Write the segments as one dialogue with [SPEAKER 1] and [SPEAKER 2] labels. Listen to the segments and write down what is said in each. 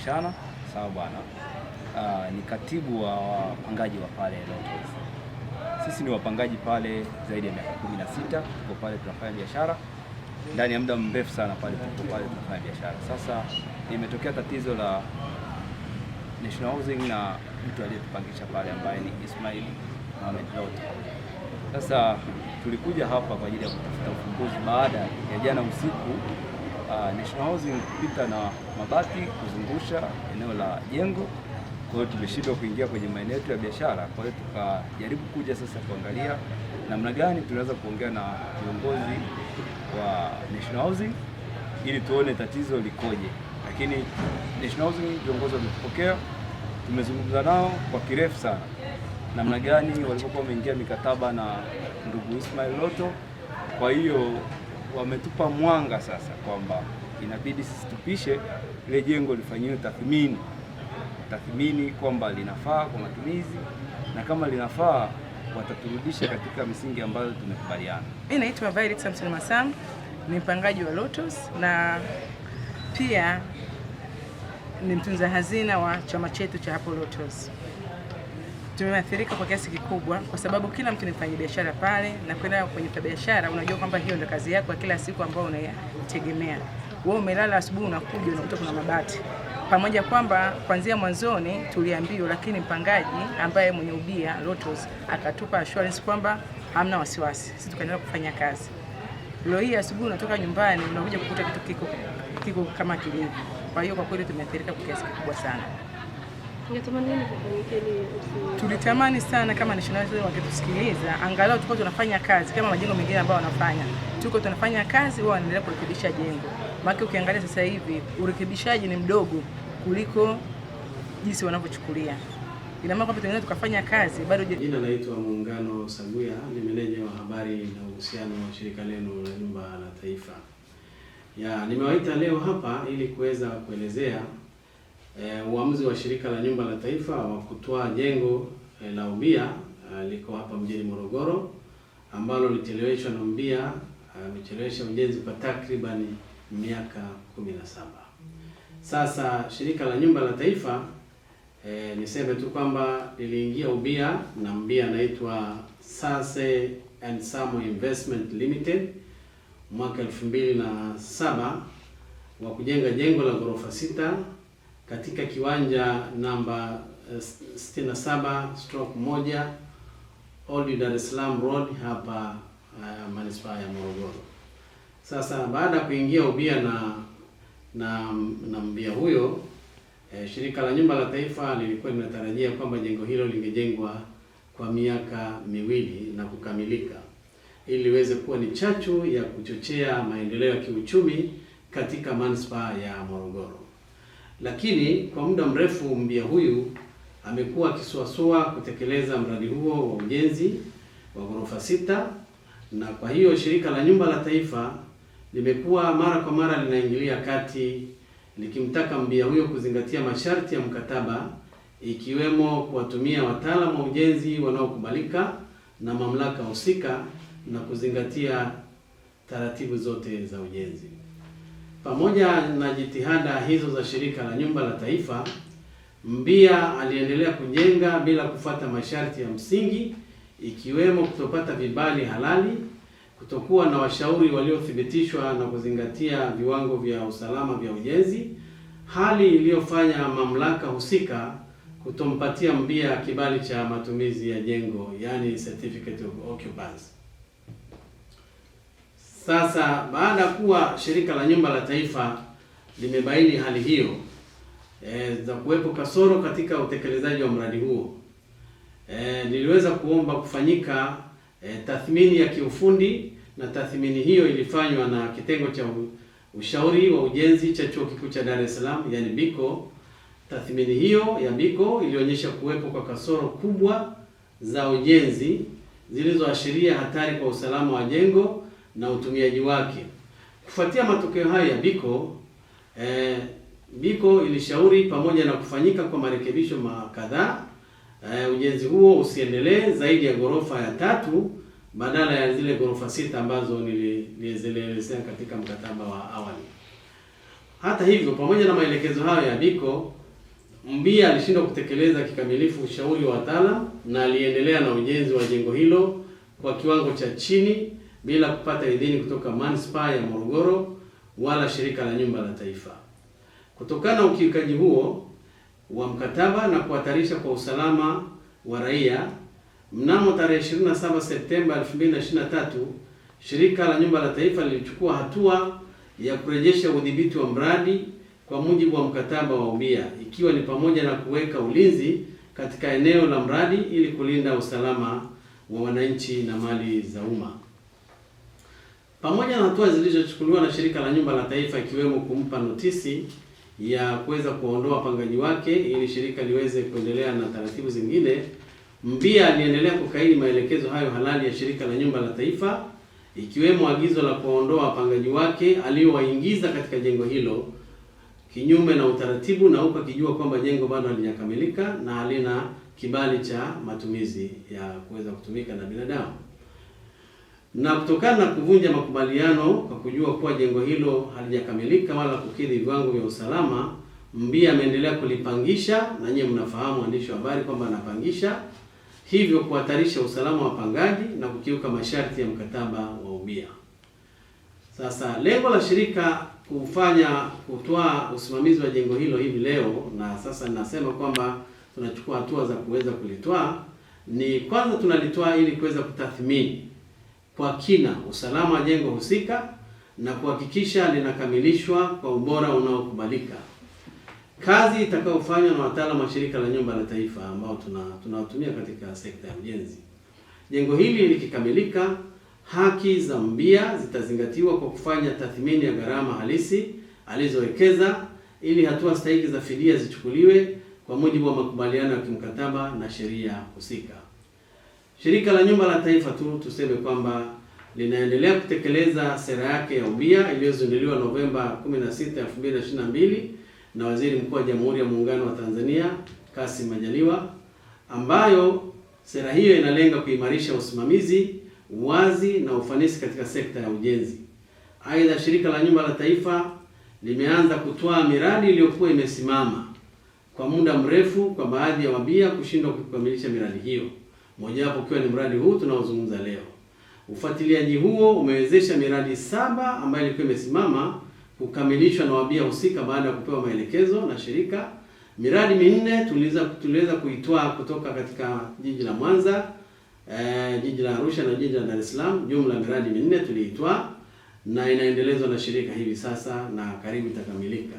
[SPEAKER 1] Mashana. Sawa bwana. Uh, ni katibu wa wapangaji wa pale Lottoes. Sisi ni wapangaji pale zaidi ya miaka 16, tuko pale tunafanya biashara ndani ya muda mrefu sana pale tuko pale tunafanya biashara. Sasa imetokea tatizo la National Housing na mtu aliyetupangisha pale ambaye ni Ismail Mohamed Lotto. Sasa tulikuja hapa kwa ajili ya kutafuta ufumbuzi baada ya jana usiku uh, National Housing kupita na mabati kuzungusha eneo la jengo, kwa hiyo tumeshindwa kuingia kwenye maeneo yetu ya biashara. Kwa hiyo tukajaribu kuja sasa kuangalia namna gani tunaweza kuongea na viongozi wa National Housing ili tuone tatizo likoje, lakini National Housing viongozi wamepokea, tumezungumza nao kwa kirefu sana namna gani walivyokuwa wameingia mikataba na ndugu Ismail Loto, kwa hiyo wametupa mwanga sasa kwamba inabidi sisi tupishe ile jengo lifanyiwe tathmini, tathmini kwamba linafaa kwa matumizi na kama linafaa wataturudisha katika misingi ambayo tumekubaliana.
[SPEAKER 2] Mimi naitwa Violet Samson Masam, ni mpangaji wa Lotus na pia ni mtunza hazina wa chama chetu cha hapo Lotus tumeathirika kwa kiasi kikubwa, kwa sababu kila mtu ni mfanyabiashara pale, na kwenda kwenye biashara, unajua kwamba hiyo ndio kazi yako kila siku ambayo unaitegemea wewe. Umelala asubuhi, unakuja unakuta kuna mabati, pamoja kwamba kuanzia mwanzoni tuliambiwa, lakini mpangaji ambaye mwenye ubia Lotus akatupa assurance kwamba hamna wasiwasi, sisi tukaendelea kufanya kazi. Leo hii asubuhi unatoka nyumbani unakuja kukuta kitu kiko kiko kama kilivyo. Kwa hiyo kwa kweli tumeathirika kwa kiasi kikubwa sana. Tulitamani sana kama nationality wangetusikiliza, angalau tuko tunafanya kazi kama majengo mengine ambayo wanafanya, tuko tunafanya kazi, wao wanaendelea kurekebisha jengo. Maana ukiangalia sasa hivi urekebishaji ni mdogo kuliko jinsi wanavyochukulia. Ina maana kwamba tunaweza tukafanya kazi bado.
[SPEAKER 3] Jina naitwa Muungano Saguya, ni meneja wa habari na uhusiano wa shirika lenu la Nyumba la Taifa. Ya, nimewaita leo hapa ili kuweza kuelezea E, uamuzi wa shirika la nyumba la taifa wa kutoa jengo e, la ubia e, eh, liko hapa mjini Morogoro ambalo lilicheleweshwa na mbia amechelewesha ujenzi kwa takribani miaka 17. Sasa shirika la nyumba la taifa e, niseme tu kwamba liliingia ubia na mbia anaitwa Sase and Samo Investment Limited mwaka 2007 wa kujenga jengo la ghorofa sita katika kiwanja namba 67 eh, stroke 1 Old Dar es Salaam Road hapa uh, manispaa ya Morogoro. Sasa baada ya kuingia ubia na na na mbia huyo eh, shirika la nyumba la taifa lilikuwa linatarajia kwamba jengo hilo lingejengwa kwa miaka miwili na kukamilika ili iweze kuwa ni chachu ya kuchochea maendeleo ya kiuchumi katika manispaa ya Morogoro lakini kwa muda mrefu mbia huyu amekuwa akisuasua kutekeleza mradi huo wa ujenzi wa ghorofa sita, na kwa hiyo shirika la nyumba la taifa limekuwa mara kwa mara linaingilia kati likimtaka mbia huyo kuzingatia masharti ya mkataba ikiwemo kuwatumia wataalamu wa ujenzi wanaokubalika na mamlaka husika na kuzingatia taratibu zote za ujenzi. Pamoja na jitihada hizo za Shirika la Nyumba la Taifa, Mbia aliendelea kujenga bila kufuata masharti ya msingi ikiwemo kutopata vibali halali, kutokuwa na washauri waliothibitishwa na kuzingatia viwango vya usalama vya ujenzi, hali iliyofanya mamlaka husika kutompatia Mbia kibali cha matumizi ya jengo, yani certificate of occupancy. Sasa baada ya kuwa shirika la nyumba la taifa limebaini hali hiyo e, za kuwepo kasoro katika utekelezaji wa mradi huo e, liliweza kuomba kufanyika e, tathmini ya kiufundi na tathmini hiyo ilifanywa na kitengo cha ushauri wa ujenzi cha chuo kikuu cha Dar es Salaam yani BICO. Tathmini hiyo ya BICO ilionyesha kuwepo kwa kasoro kubwa za ujenzi zilizoashiria hatari kwa usalama wa jengo na utumiaji wake. Kufuatia matokeo hayo ya Biko eh, Biko ilishauri pamoja na kufanyika kwa marekebisho kadhaa eh, ujenzi huo usiendelee zaidi ya ghorofa ya tatu badala ya zile ghorofa sita ambazo nilielezea katika mkataba wa awali. Hata hivyo, pamoja na maelekezo hayo ya Biko, mbia alishindwa kutekeleza kikamilifu ushauri wa wataalamu na aliendelea na ujenzi wa jengo hilo kwa kiwango cha chini bila kupata idhini kutoka manispaa ya Morogoro wala shirika la nyumba la taifa. Kutokana na ukiukaji huo wa mkataba na kuhatarisha kwa usalama wa raia, mnamo tarehe 27 Septemba 2023 shirika la nyumba la taifa lilichukua hatua ya kurejesha udhibiti wa mradi kwa mujibu wa mkataba wa ubia, ikiwa ni pamoja na kuweka ulinzi katika eneo la mradi ili kulinda usalama wa wananchi na mali za umma. Pamoja na hatua zilizochukuliwa na Shirika la Nyumba la Taifa ikiwemo kumpa notisi ya kuweza kuondoa wapangaji wake ili shirika liweze kuendelea na taratibu zingine, Mbia aliendelea kukaidi maelekezo hayo halali ya Shirika la Nyumba la Taifa ikiwemo agizo la kuondoa wapangaji wake aliyowaingiza katika jengo hilo kinyume na utaratibu na huku akijua kwamba jengo bado halijakamilika na halina kibali cha matumizi ya kuweza kutumika na binadamu na kutokana na kuvunja makubaliano kwa kujua kuwa jengo hilo halijakamilika wala kukidhi viwango vya usalama, Mbia ameendelea kulipangisha, na nyewe mnafahamu waandishi wa habari kwamba anapangisha, hivyo kuhatarisha usalama wa wapangaji na kukiuka masharti ya mkataba wa ubia. Sasa lengo la shirika kufanya kutoa usimamizi wa jengo hilo hivi leo, na sasa ninasema kwamba tunachukua hatua za kuweza kulitoa, ni kwanza tunalitoa ili kuweza kutathmini kwa kina usalama wa jengo husika na kuhakikisha linakamilishwa kwa ubora unaokubalika. Kazi itakayofanywa na wataalamu wa Shirika la Nyumba la Taifa ambao tuna tunawatumia katika sekta ya ujenzi. Jengo hili likikamilika, haki za mbia zitazingatiwa kwa kufanya tathmini ya gharama halisi alizowekeza ili hatua stahiki za fidia zichukuliwe kwa mujibu wa makubaliano ya kimkataba na sheria husika. Shirika la Nyumba la Taifa tu tuseme kwamba linaendelea kutekeleza sera yake ya ubia iliyozinduliwa Novemba 16, 2022 na Waziri Mkuu wa Jamhuri ya Muungano wa Tanzania Kassim Majaliwa, ambayo sera hiyo inalenga kuimarisha usimamizi, uwazi na ufanisi katika sekta ya ujenzi. Aidha, Shirika la Nyumba la Taifa limeanza kutoa miradi iliyokuwa imesimama kwa muda mrefu kwa baadhi ya wabia kushindwa kukamilisha miradi hiyo mojawapo ukiwa ni mradi huu tunaozungumza leo. Ufuatiliaji huo umewezesha miradi saba ambayo ilikuwa imesimama kukamilishwa na wabia husika baada ya kupewa maelekezo na shirika. Miradi minne tuliweza tuliweza kuitoa kutoka katika jiji la Mwanza, eh, jiji la Arusha na jiji la Dar es Salaam. Jumla miradi minne tuliitoa na inaendelezwa na shirika hivi sasa na karibu itakamilika.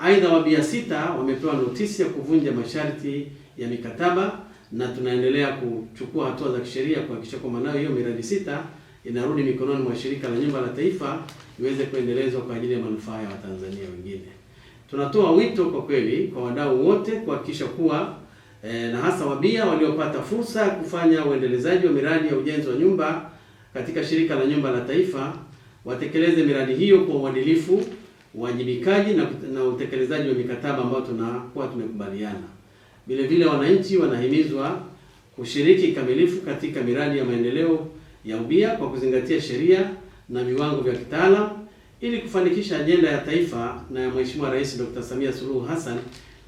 [SPEAKER 3] Aidha, wabia sita wamepewa notisi ya kuvunja masharti ya mikataba na tunaendelea kuchukua hatua za kisheria kuhakikisha kwamba nayo hiyo miradi sita inarudi mikononi mwa shirika la nyumba la taifa iweze kuendelezwa kwa ajili ya manufaa ya Watanzania wengine. Tunatoa wito kwa kweli kwa wadau wote kuhakikisha kuwa eh, na hasa wabia waliopata fursa ya kufanya uendelezaji wa miradi ya ujenzi wa nyumba katika shirika la nyumba la taifa watekeleze miradi hiyo kwa uadilifu, uwajibikaji na, na utekelezaji wa mikataba ambayo tunakuwa tumekubaliana. Vile vile wananchi wanahimizwa kushiriki kikamilifu katika miradi ya maendeleo ya ubia kwa kuzingatia sheria na viwango vya kitaalam ili kufanikisha ajenda ya taifa na ya Mheshimiwa Rais Dr. Samia Suluhu Hassan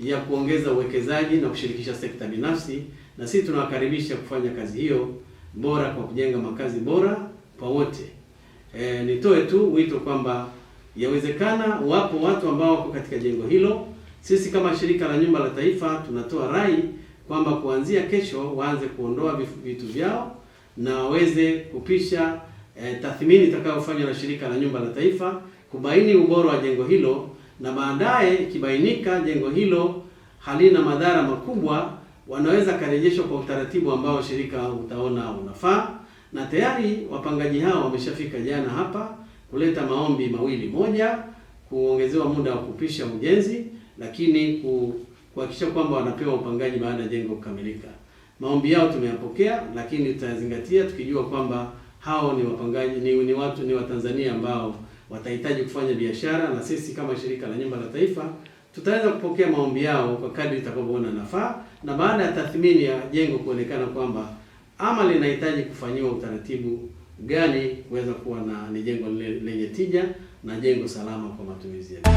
[SPEAKER 3] ya kuongeza uwekezaji na kushirikisha sekta binafsi, na sisi tunawakaribisha kufanya kazi hiyo bora kwa kujenga makazi bora kwa wote. E, nitoe tu wito kwamba yawezekana wapo watu ambao wako katika jengo hilo sisi kama shirika la nyumba la taifa tunatoa rai kwamba kuanzia kesho waanze kuondoa vitu vyao na waweze kupisha e, tathmini itakayofanywa na shirika la nyumba la taifa kubaini ubora wa jengo hilo, na baadaye ikibainika jengo hilo halina madhara makubwa, wanaweza karejeshwa kwa utaratibu ambao shirika utaona unafaa. Na tayari wapangaji hao wameshafika jana hapa kuleta maombi mawili, moja kuongezewa muda wa kupisha ujenzi lakini kuhakikisha kwamba wanapewa upangaji baada ya jengo kukamilika. Maombi yao tumeyapokea, lakini tutazingatia tukijua kwamba hao ni wapangaji ni, ni watu ni Watanzania ambao watahitaji kufanya biashara, na sisi kama shirika la nyumba la taifa tutaweza kupokea maombi yao kwa kadri tutakavyoona nafaa, na baada ya tathmini ya jengo kuonekana kwamba ama linahitaji kufanyiwa utaratibu gani kuweza kuwa na ni jengo lenye tija na jengo salama kwa matumizi yetu.